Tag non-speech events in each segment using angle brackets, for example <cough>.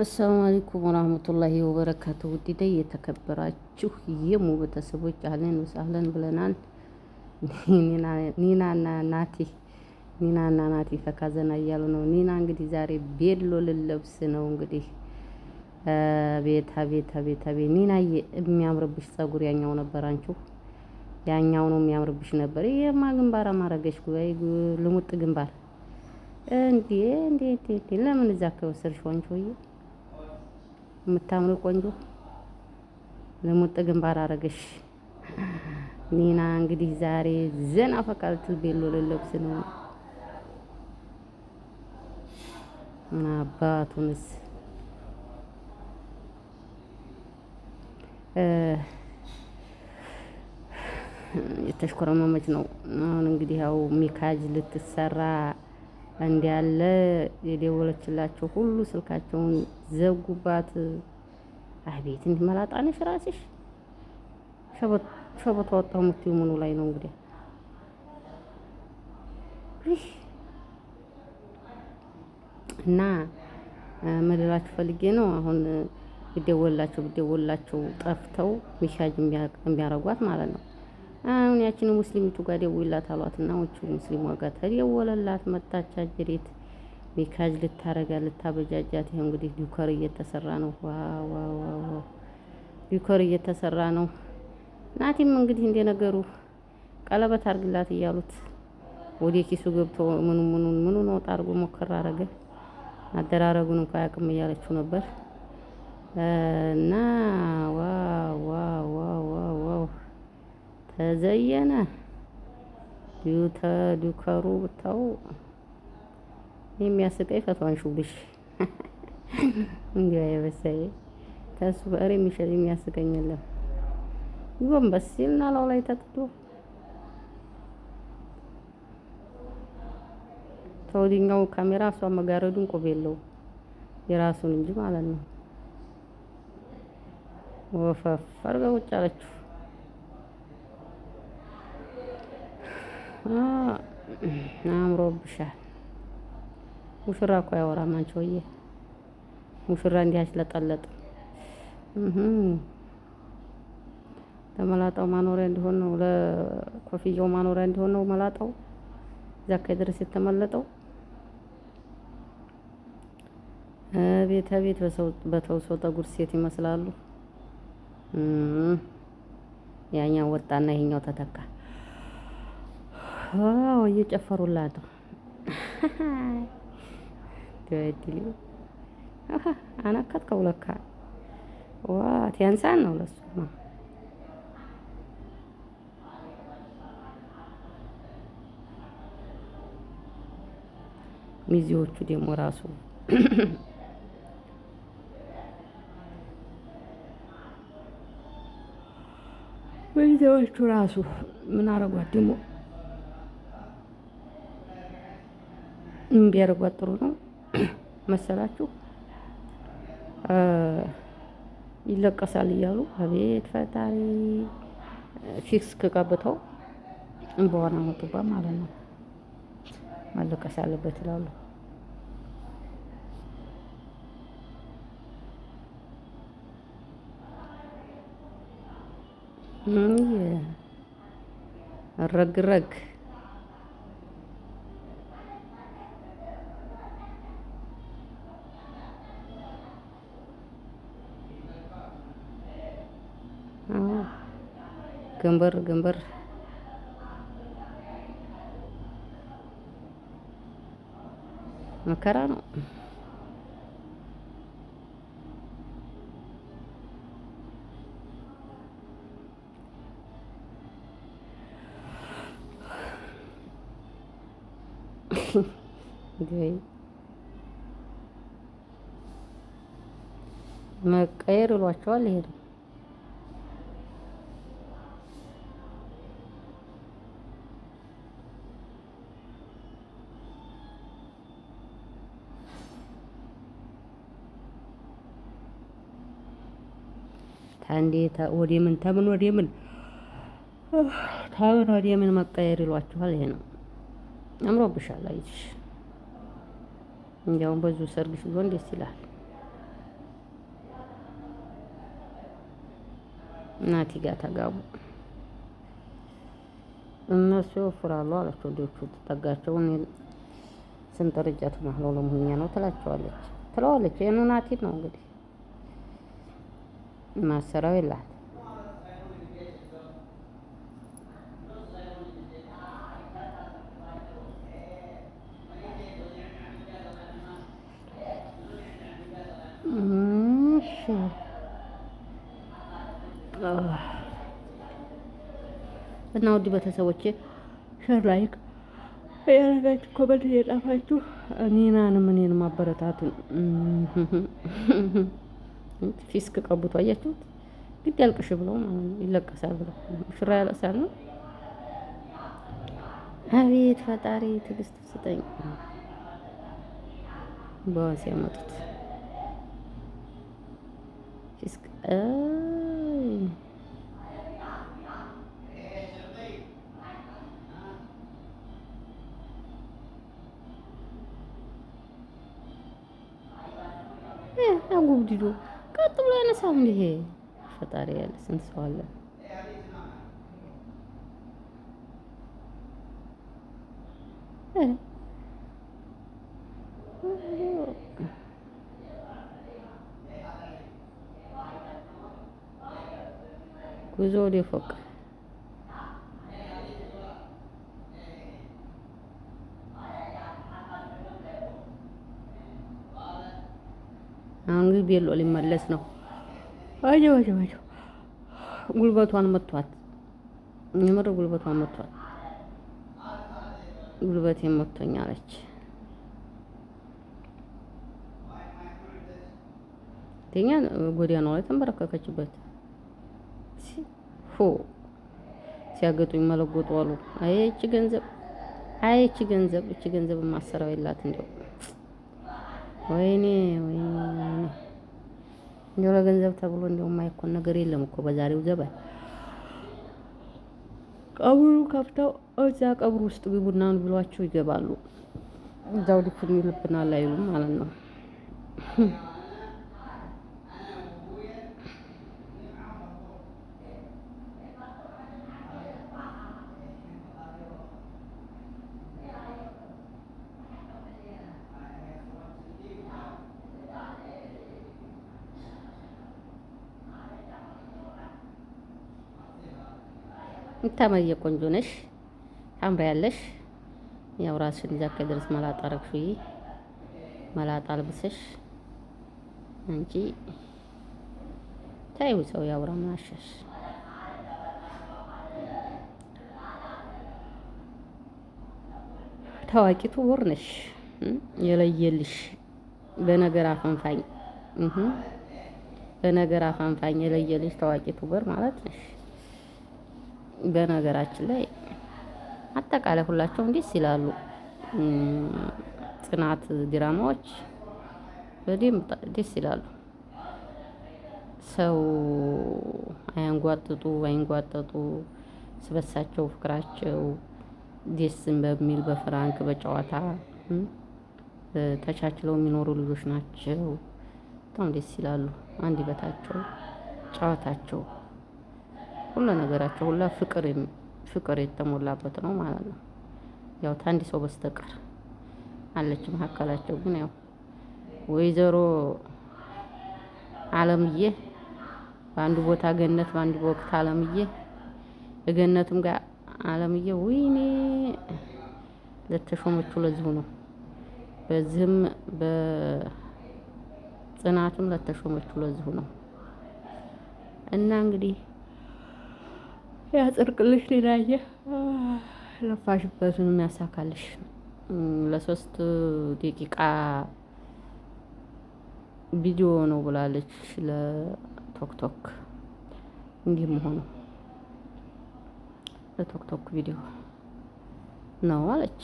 አሰላሙ አለይኩም ወራህመቱላሂ ወበረካቱ። ውዲደ የተከበራችሁ የሙ ቤተሰቦች አህለን ወሳህለን ብለናል። ኒናና ናቲ ኒናና ናቲ ፈካዘና እያሉ ነው። ኒና እንግዲህ ዛሬ ቤሎ ልለብስ ነው እንግዲህ ቤት ቤት ቤት ቤት ኒና የሚያምርብሽ ጸጉር ያኛው ነበር፣ አንቺው ያኛው ነው የሚያምርብሽ ነበር። ይሄማ ግንባር አማረገሽ ጉባኤ ልሙጥ ግንባር እንዴ እንዴ እንዴ! ለምን እዛ ከወሰድሽው አንቺ የምታምሩ ቆንጆ ለሙጥ ግንባር አረገሽ ኒና። እንግዲህ ዛሬ ዘና ፈቃልት ቤሎ ልለብስ ነው። አባቱንስ የተሽኮረመመች ነው። አሁን እንግዲህ ያው ሚካጅ ልትሰራ እንዲያለ የደወለችላቸው ሁሉ ስልካቸውን ዘጉባት። አቤት እንዲህ ነሽ ራስሽ ሸበቶ ወጣሁ የምትይው ምኑ ላይ ነው እንግዲህ? እና መደላችሁ ፈልጌ ነው አሁን ብደወላቸው ብደወላቸው ጠፍተው ሚሻጅ የሚያረጓት ማለት ነው። አሁን ያችን ሙስሊሚቱ ጋር ደውይላት እና ወቹ ሙስሊሟ ጋር ተደወለላት። መጣች አጅሬት ሜካጅ ልታረጋ ልታበጃጃት። ይሄ እንግዲህ ዲኮር እየተሰራ ነው። ዋው ዋው ዋው ዲኮር እየተሰራ ነው። ናቲም እንግዲህ እንደነገሩ ቀለበት አርግላት እያሉት ወደ ኪሱ ገብቶ ምኑ ምኑ ምኑ ነው ጣርጎ ሞከር አረገ። አደራረጉን እንኳ ያቅም እያለችው ነበር እና ዋው ዋው ተዘየነ ዩተ ዱከሩ ብታው የሚያስቀይ ፈቷን ሹብሽ <laughs> እንዲያ የበሰይ ተሱ በእር የሚሸል የሚያስቀኝ የለም። ጎንበስ በሲል ናላው ላይ ተጥቶ ተወዲኛው ካሜራ እሷ መጋረዱን ቆብ የለው የራሱን እንጂ ማለት ነው። ወፈፈር በውጭ አለችው። አምሮብሻል። ሙሽራ እኮ አያወራም። አንቺ ወዬ ሙሽራ እንዲህ አሽለጠለጥ ለመላጣው ማኖሪያ እንዲሆን ነው፣ ለኮፍያው ማኖሪያ እንዲሆን ነው። መላጣው እዛ ድረስ የተመለጠው ቤተ ቤት በተውሶ ጠጉር ሴት ይመስላሉ። ያኛው ወጣና ይሄኛው ተተካ። እየጨፈሩላት ነው። ድል አነከትከው ለካ ዋ ነው ሚዜዎቹ ደግሞ ራሱ ሚዜዎቹ ራሱ ምን አረጓት ደግሞ ቢያደርጓት ጥሩ ነው <clears throat> መሰላችሁ። ይለቀሳል እያሉ አቤት ፈጣሪ ፊክስ ከቀብተው በኋላ መጡባት ማለት ነው። መለቀስ አለበት ይላሉ። ረግረግ جنبر جنبر መከራ ነው። መቀየር ይሏቸዋል ይሄ ነው። ከአንዴ ወደ ምን ተምን ወደ ምን ታምን ወደ ምን መቀየር ይሏችኋል። ይሄ ነው አምሮብሻል። አይሽ እንዲያውም በዙ ሰርግሽ ቢሆን ደስ ይላል። እናቲ ጋር ተጋቡ። እነሱ ይወፍራሉ አላቸው። ወዲዎቹ ተጠጋቸው። እኔ ስንጠርጃት ማህለው ለመሆኛ ነው ትላቸዋለች ትለዋለች። ይህኑ ናቲ ነው እንግዲህ ማሰሪያው የላት። እና ውድ ቤተሰቦቼ ሼር ላይክ ያረጋችሁ ኮመንት የጻፋችሁ እኔናንም እኔን ማበረታቱን ፊስክ ቀቡት። አያችሁት? ግድ ያልቅሽ ብለው ይለቀሳል ብሎ ሽራ ያለቅሳል ነው። አቤት ፈጣሪ ትዕግስት ስጠኝ። በዋስ ያመጡት ፊስክ ጉብዲዶ አሁን ይሄ ፈጣሪ ያለ ስንት ሰው አለ። ጉዞ ወደ ፎቅ አሁን ግን ቤሎ ሊመለስ ነው። ወይኔ ወይኔ ወይኔ ጉልበቷን መቷት፣ የምር ጉልበቷን መቷት። ጉልበቴ መቶኝ አለች። ተኛ ጎዳናው ላይ ተንበረከከችበት። ሆ ሲያገጡኝ መለጎጡ አሉ። አይ እቺ ገንዘብ፣ አይ እቺ ገንዘብ፣ እቺ ገንዘብ ማሰራው የላት እንደው ወይኔ ወይኔ እንደው ለገንዘብ ተብሎ እንደው የማይኮን ነገር የለም እኮ በዛሬው ዘበን። ቀብሩ ከፍተው እዛ ቀብሩ ውስጥ ግቡናን ብሏቸው ይገባሉ። እዛው ድፍን ይልብናል አይሉም ማለት ነው። የምታመየ ቆንጆ ነሽ፣ ያለሽ ያው ራስሽን እዛ ከድረስ መላጣ ረግሹዬ መላጣ አልብሰሽ አንቺ ታዩ ሰው ያውራ ምናሻሽ ታዋቂ ውር ነሽ የለየልሽ በነገር አፈንፋኝ በነገር አፈንፋኝ የለየልሽ ታዋቂ ውር ማለት ነሽ። በነገራችን ላይ አጠቃላይ ሁላቸውም ደስ ይላሉ። ጽናት ድራማዎች በደንብ ደስ ይላሉ። ሰው አያንጓጥጡ አይንጓጠጡ ስበሳቸው ፍቅራቸው ደስም በሚል በፍራንክ በጨዋታ ተቻችለው የሚኖሩ ልጆች ናቸው። በጣም ደስ ይላሉ። አንድ በታቸው ጨዋታቸው ሁሉ ነገራቸው ሁላ ፍቅር ፍቅር የተሞላበት ነው ማለት ነው። ያው ታንዲ ሰው በስተቀር አለች መካከላቸው። ግን ያው ወይዘሮ አለምዬ በአንዱ ቦታ ገነት፣ በአንዱ ወቅት አለምዬ እገነትም ጋር አለምዬ ወይኔ ለተሾመችው ለዚሁ ነው። በዚህም በጽናትም ለተሾመችው ለዚሁ ነው እና እንግዲህ ያጽርቅልሽ ሌላየ ለፋሽበትንም የሚያሳካልሽ ለሶስት ደቂቃ ቪዲዮ ነው ብላለች ለቶክቶክ እንዲህ መሆኑ ለቶክቶክ ቪዲዮ ነው አለች።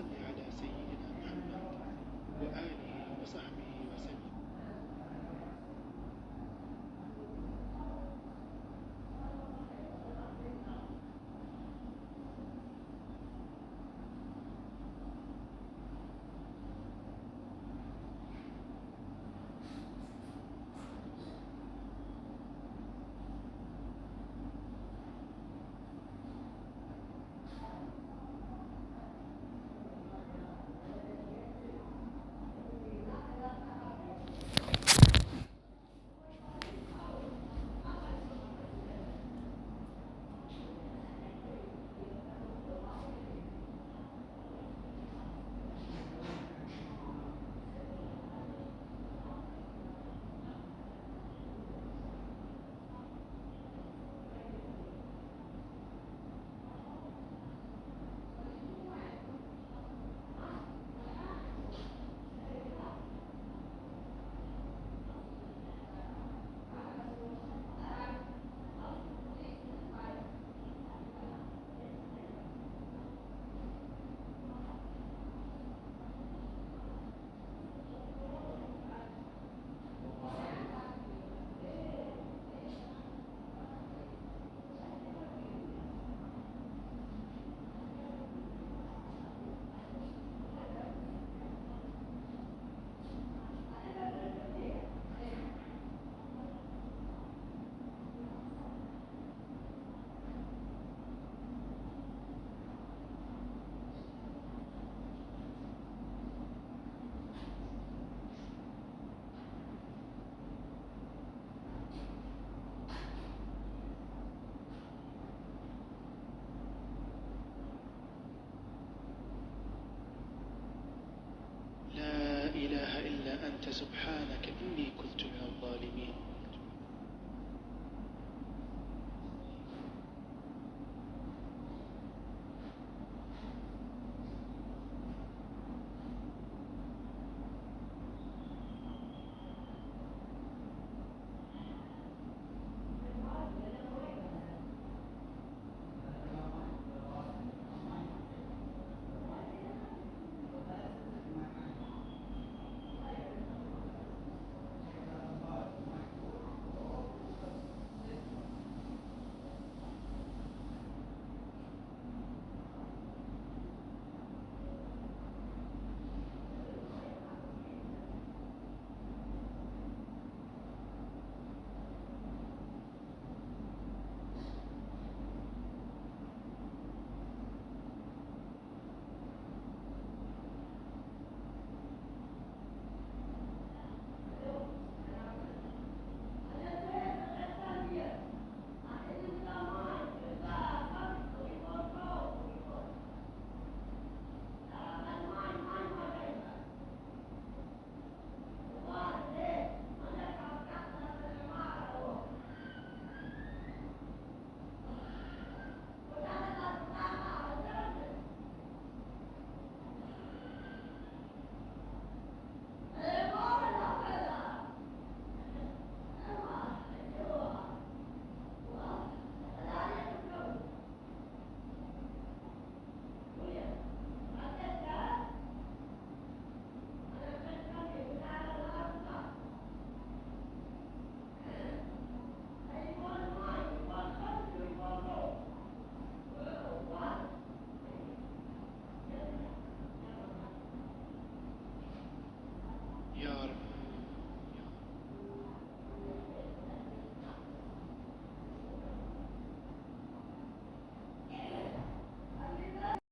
Yeah. subhanaka